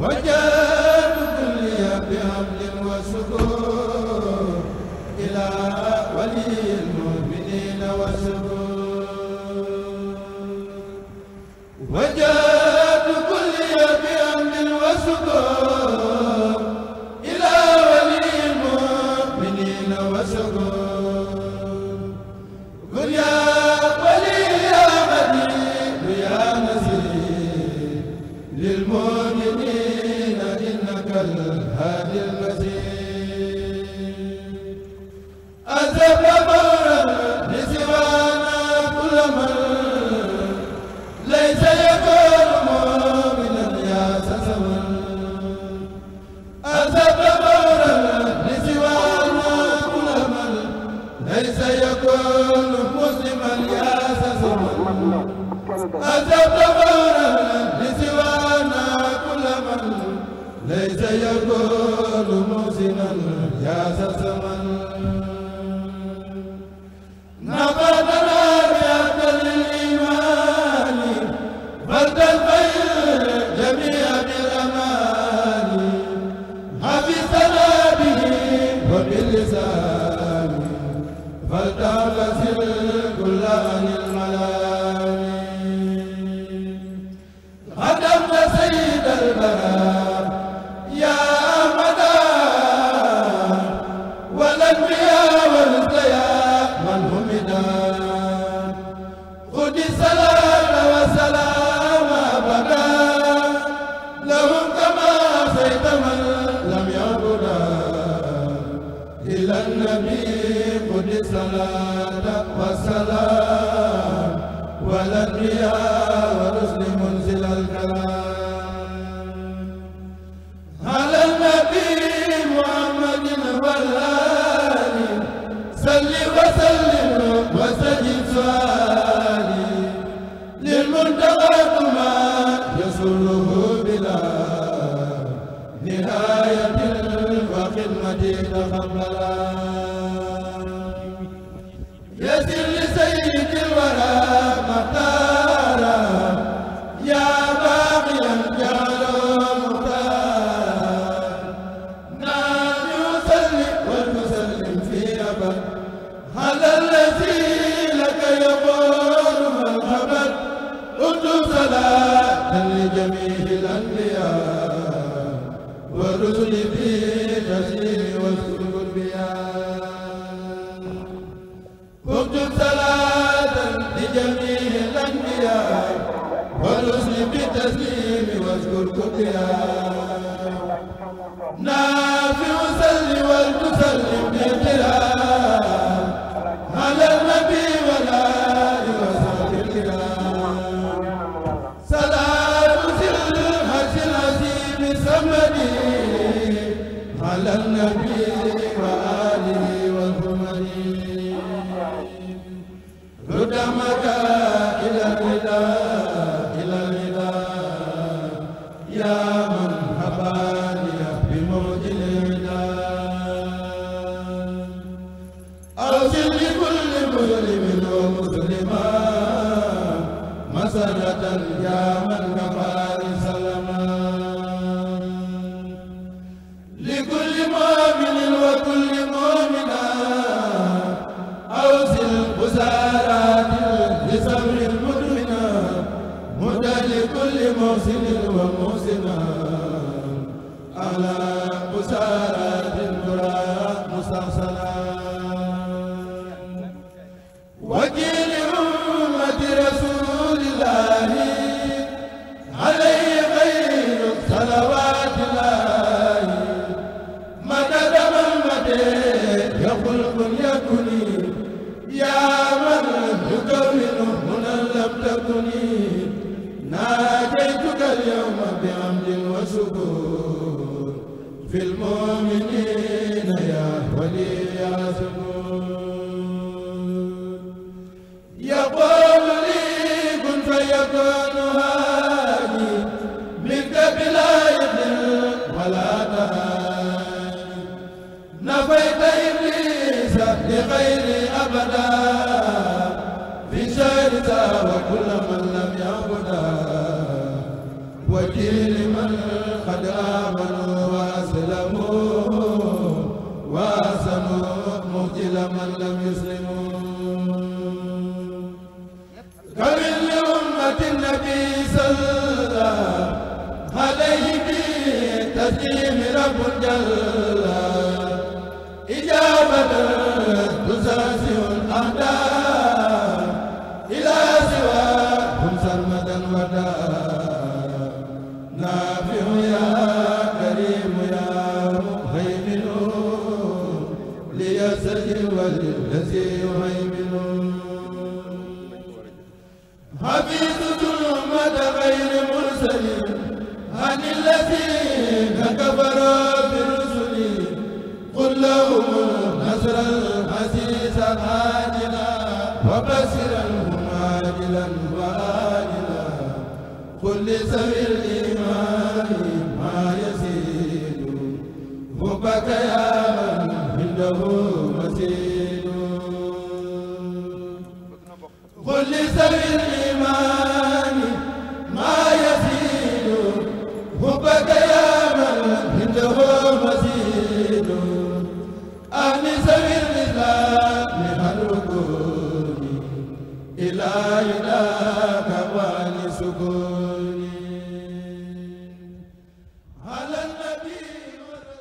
وسكون إلى ولي المؤمنين وسكون salaata wa salaam wa la على النبي وآله lu وكيل من قد آمنوا كفروا برسلي قل لهم نصر العزيز الحميد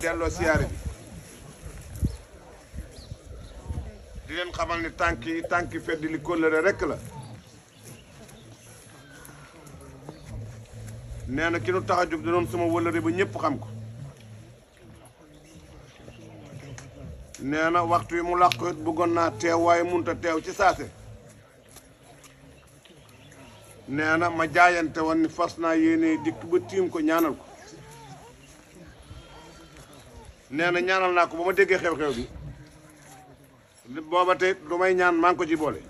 delloo siyaare bi di leen xamal ni tànk yi tànk yi fedd li kóllëre rekk la nee na ki nu tax danoon sama wëllëre ba ñépp xam ko nee na waxtu wi mu làqu it bëggoon naa teew waaye munta teew ci saase nee na ma jaayante woon ni fas naa yéene dikk ba tiim ko ñaanal ko nee na ñaanal naa ko ba ma déggee xew-xew bi booba tey may ñaan maa ngi ko ci boole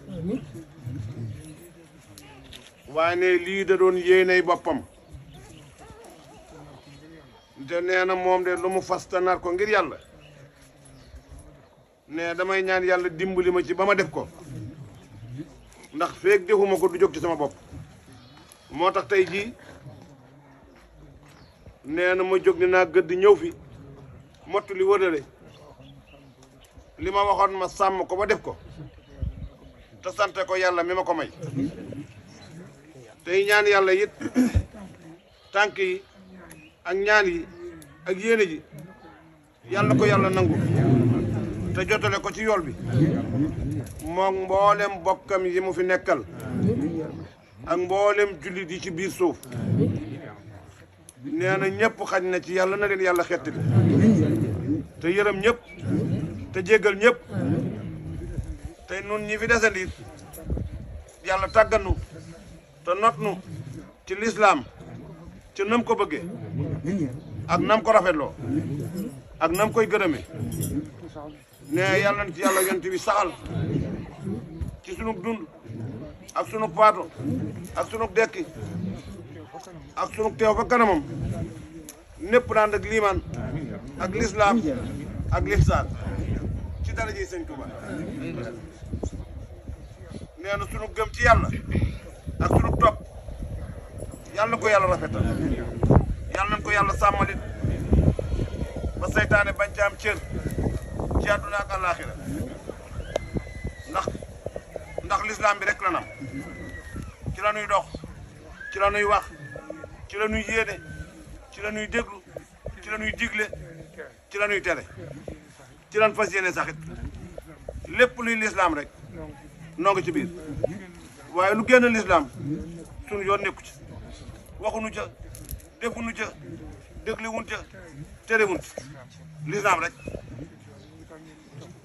waaye ne lii da doon yéenay boppam te nee na moom de lu mu fas tanaat ko ngir yàlla ne damay ñaan yàlla dimbali ma ci ba ma def ko ndax feeg defuma ko du jog ci sama bopp moo tax tey jii nee na ma jóg ni naa gëdd ñëw fi mott li wërale li ma waxoon ma sàmm ko ma def ko te sante ko yàlla mi ma ko may tey ñaan yàlla it tànk ak ñaan yi ak yéene ji yàlla ko yàlla nangu te jotale ko ci yool bi moom mboolem bokkam yi mu fi nekkal ak mboolem jullit yi ci biir suuf nee na ñëpp xaj na ci yàlla na leen yàlla xettali te yërëm ñëpp te jéggal ñépp te nun ñi fi desandi yàlla tàgganu te not nu ci lislaam ci nam ko bëgge ak nam ko rafetloo ak nam koy gërëme ne yàlla na ci yàlla yonent bi saxal ci sunu dund ak sunu paato ak sunu dekki ak sunu teew fa kanamam népp naan ak liimaan ak lislaam ak lihsaan ci daraje sëñ Tuuba nee na sunu gëm ci yàlla ak sunu topp yàlla ko yàlla rafetal yàlla nañ ko yàlla sàmmalit ba seytaane bañ ci cër ci àdduna ak ndax ndax lislaam bi rek la nam ci la ñuy dox ci la ñuy wax ci la ñuy yéene ci la ñuy déglu ci la ñuy digle ci la ñuy tere ci lan fas yéene saxit lépp luy lislaam rek noo ci biir waaye lu génn lislaam suñu yoon nekku ci waxuñu ca defuñu ca dégluwuñ ca terewuñ ci lislaam rek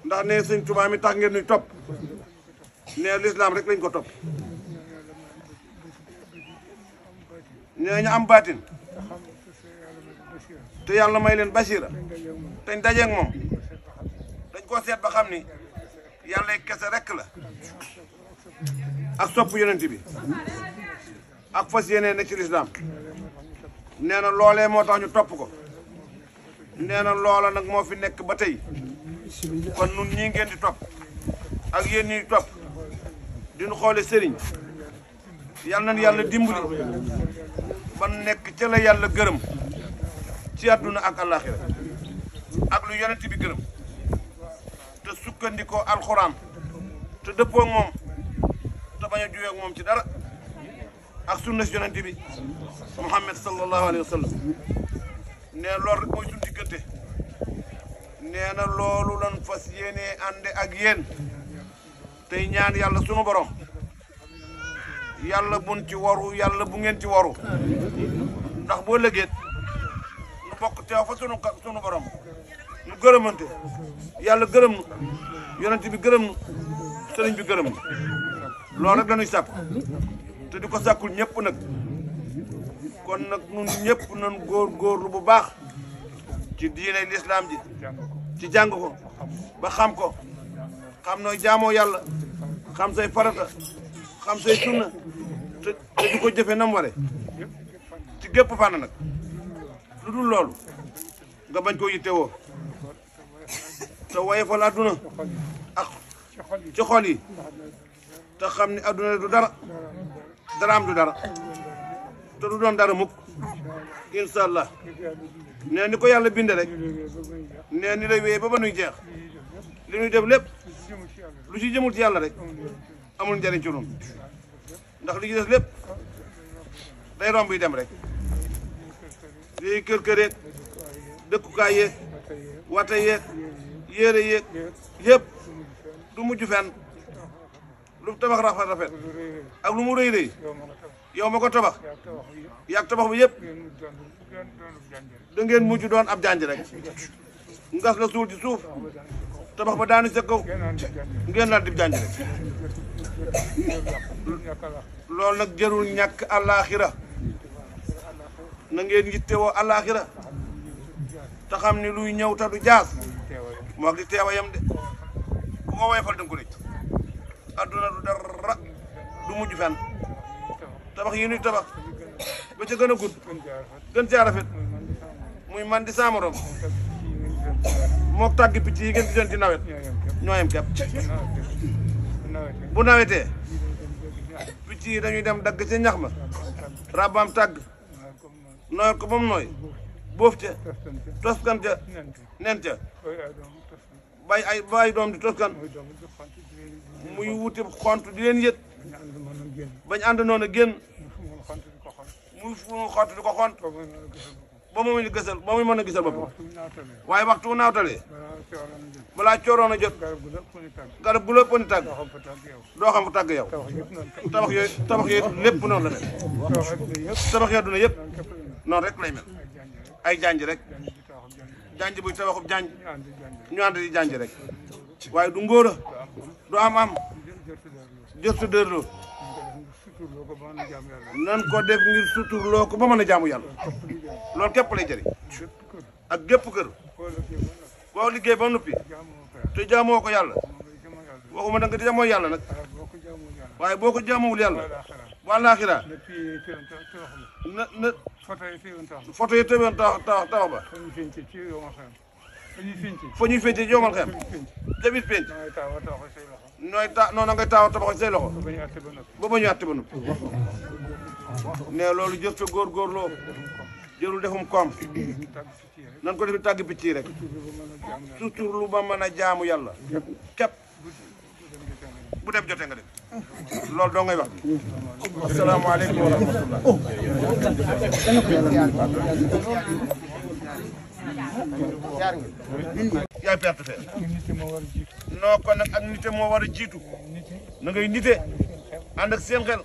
ndax ne sëñ Tuubaa mi tax ngeen topp ne lislaam rek lañ ko topp nee ñu baatin te yàlla may leen basira dañ dajeeg moom dañ koo seet ba xam ni yàlla kese rek la ak sopp yonent bi ak fas yéene ne ci lislaam nee na loolee moo tax ñu topp ko nee na loola nag moo fi nekk ba tey kon nun ñii ngeen di topp ak yéen ñii topp diñu xoole sëriñ yal nañu yàlla dimbali ban nekk ca yàlla gërëm ci àdduna ak àllaaxira ak lu yonent bi gërëm te sukkandikoo alxuraan te dëppoo ak moom te bañ a moom ci dara ak sunna si yonent bi Muhammad sallallahu alayhi wa sallam nee loolu rek mooy suñu nee na loolu lan fas yéenee ànde ak yéen tey ñaan yàlla sunu borom yàlla bun ci waru yàlla bu ngeen ci waru ndax boo lëgeet bokk teew fa sunu sunu borom nu gërëmante yàlla gërëm nu yonent bi gërëm nu sëriñ bi gërëm nu loolu rek dañuy sàkk te di ko sàkkul ñépp nag kon nag nun ñëpp nan góor góor bu baax ci diine lislaam ji ci jàng ko ba xam ko xam nooy jaamoo yàlla xam say farata xam say sunna te ko jëfe nam ware ci gépp fànn nag lu dul loolu nga bañ koo yittewoo te woyofal adduna ak ci xol yi te xam ni adduna du dara daraam du dara te du doon dara mukk incha allah nee ni ko yàlla binde rek nee ni lay ba ba nuy jeex li nuy def lépp lu ci jëmul ci yàlla rek amul njëriñ ci ñun ndax li ci des day romb yi dem rek yooyu kër kër yeeg dëkkukaay yeeg wata yeeg yére yeeg yëpp du mujj fenn lu tabax rafet rafet ak lu mu rëy rëy yow ma ko tabax yàgg tabax bi yëpp da ngeen mujj doon ab janj rek ngas la suul ci suuf tabax ba daanu sa kaw ngeen laal di janj rek loolu nag jarul ñàkk àllaaxira na ngeen yittewoo àllaaxira te xam ni luy ñëw te du jaas moo ak di teewayam de ku ko woyofal danga ko rëcc adduna du dara du mujj fenn tabax yi nuy tabax ba ca gën a gudd gën caa rafet muy man di saa morom moo tàgg picc yi ngeen di doon ci nawet ñooyam kepp bu nawetee picc yi dañuy dem dagg ca ñax ma rabam tàgg nooyal ko ba mu nooy boof ca toskan ca nen ca bàyyi ay bàyyi doom di toskan muy wuti xont di leen yët bañ ànd noonu a génn muy fu mu xont di ko xont ba mu mën a gisal ba mu mën a gisal boppam waaye waxtu naawtalee balaa cooroon a jot garab gu lépp ni tàgg doo xam fu tàgg yow tabax yooyu tabax yooyu lépp noonu la mel tabax yooyu duna noonu rek lay mel ay janj rek janj buy tabaxub janj ñu ànd di janj rek waaye du ngóora du am am jërtu dërloo nan ko def ngir suturloo ko ba mën a jaamu yàlla lool képp lay jëriñ ak gépp kër boo liggéey ba noppi te jaamoo ko yàlla waxuma da nga jaamoo yàlla nag waaye boo ko jaamowul yàlla wàllaaxira na na. photo yi féewoon tax photo yi téewoon tax tax tax ba. fa ñuy fénc ci yomal xel. fa ñuy fénc fa ñuy fénc ci yomal xel. débit pénc. nooy taaw tabaxu say loxo. nooy ta noonu ngay taaw tabaxu say loxo. ba ñu àtte ba noppi ba ba a góorgóorloo. nan ko def tàgg picc yi rek. surtout lu ba mën a jaamu yàlla. képp. bu dem jotee nga dem loolu doo ngay wax bi asalaamaaleykum wa rahmatullah yaay perte fee noo kon nag ak nite moo war a jiitu na ngay nite ànd ak seen xel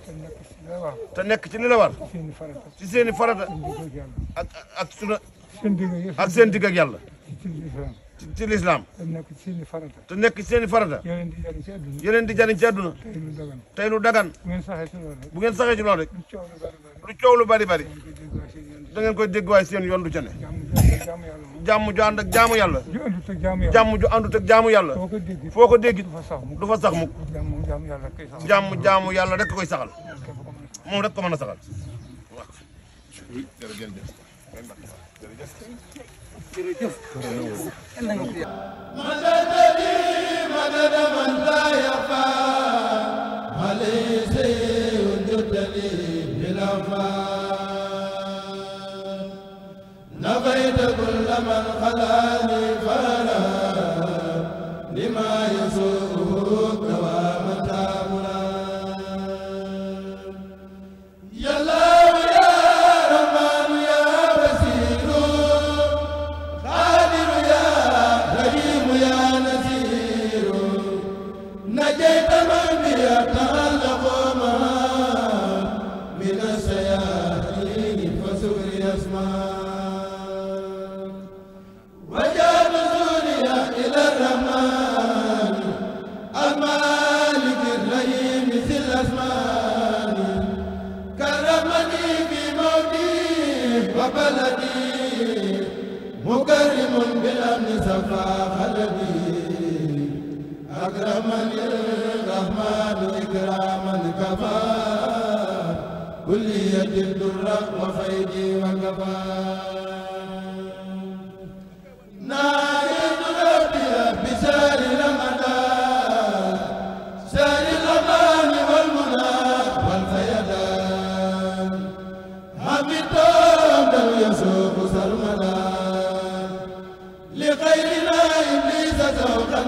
te nekk ci li la war ci i farata ak suna ak seen digg ak yàlla ci lislaam te nekk ci seen farata. te nekk seen i farata. yeneen di jariñ ci àdduna. di jariñ ci àdduna. tey lu dagan. tey bu ngeen saxee ci loolu rek. bu ngeen saxee ci loolu rek. lu coow lu bari bari. da ngeen koy dégg waay seen yoon du ca ne. jàmm ju ànd ak jaamu yàlla. jàmm ju àndut ak jaamu yàlla. foo ko dégg du fa sax mukk. jàmm jaamu yàlla rek koy saxal. moom rek ko mën a saxal. man xalaa kulli yadin durra wa faydi wa kafa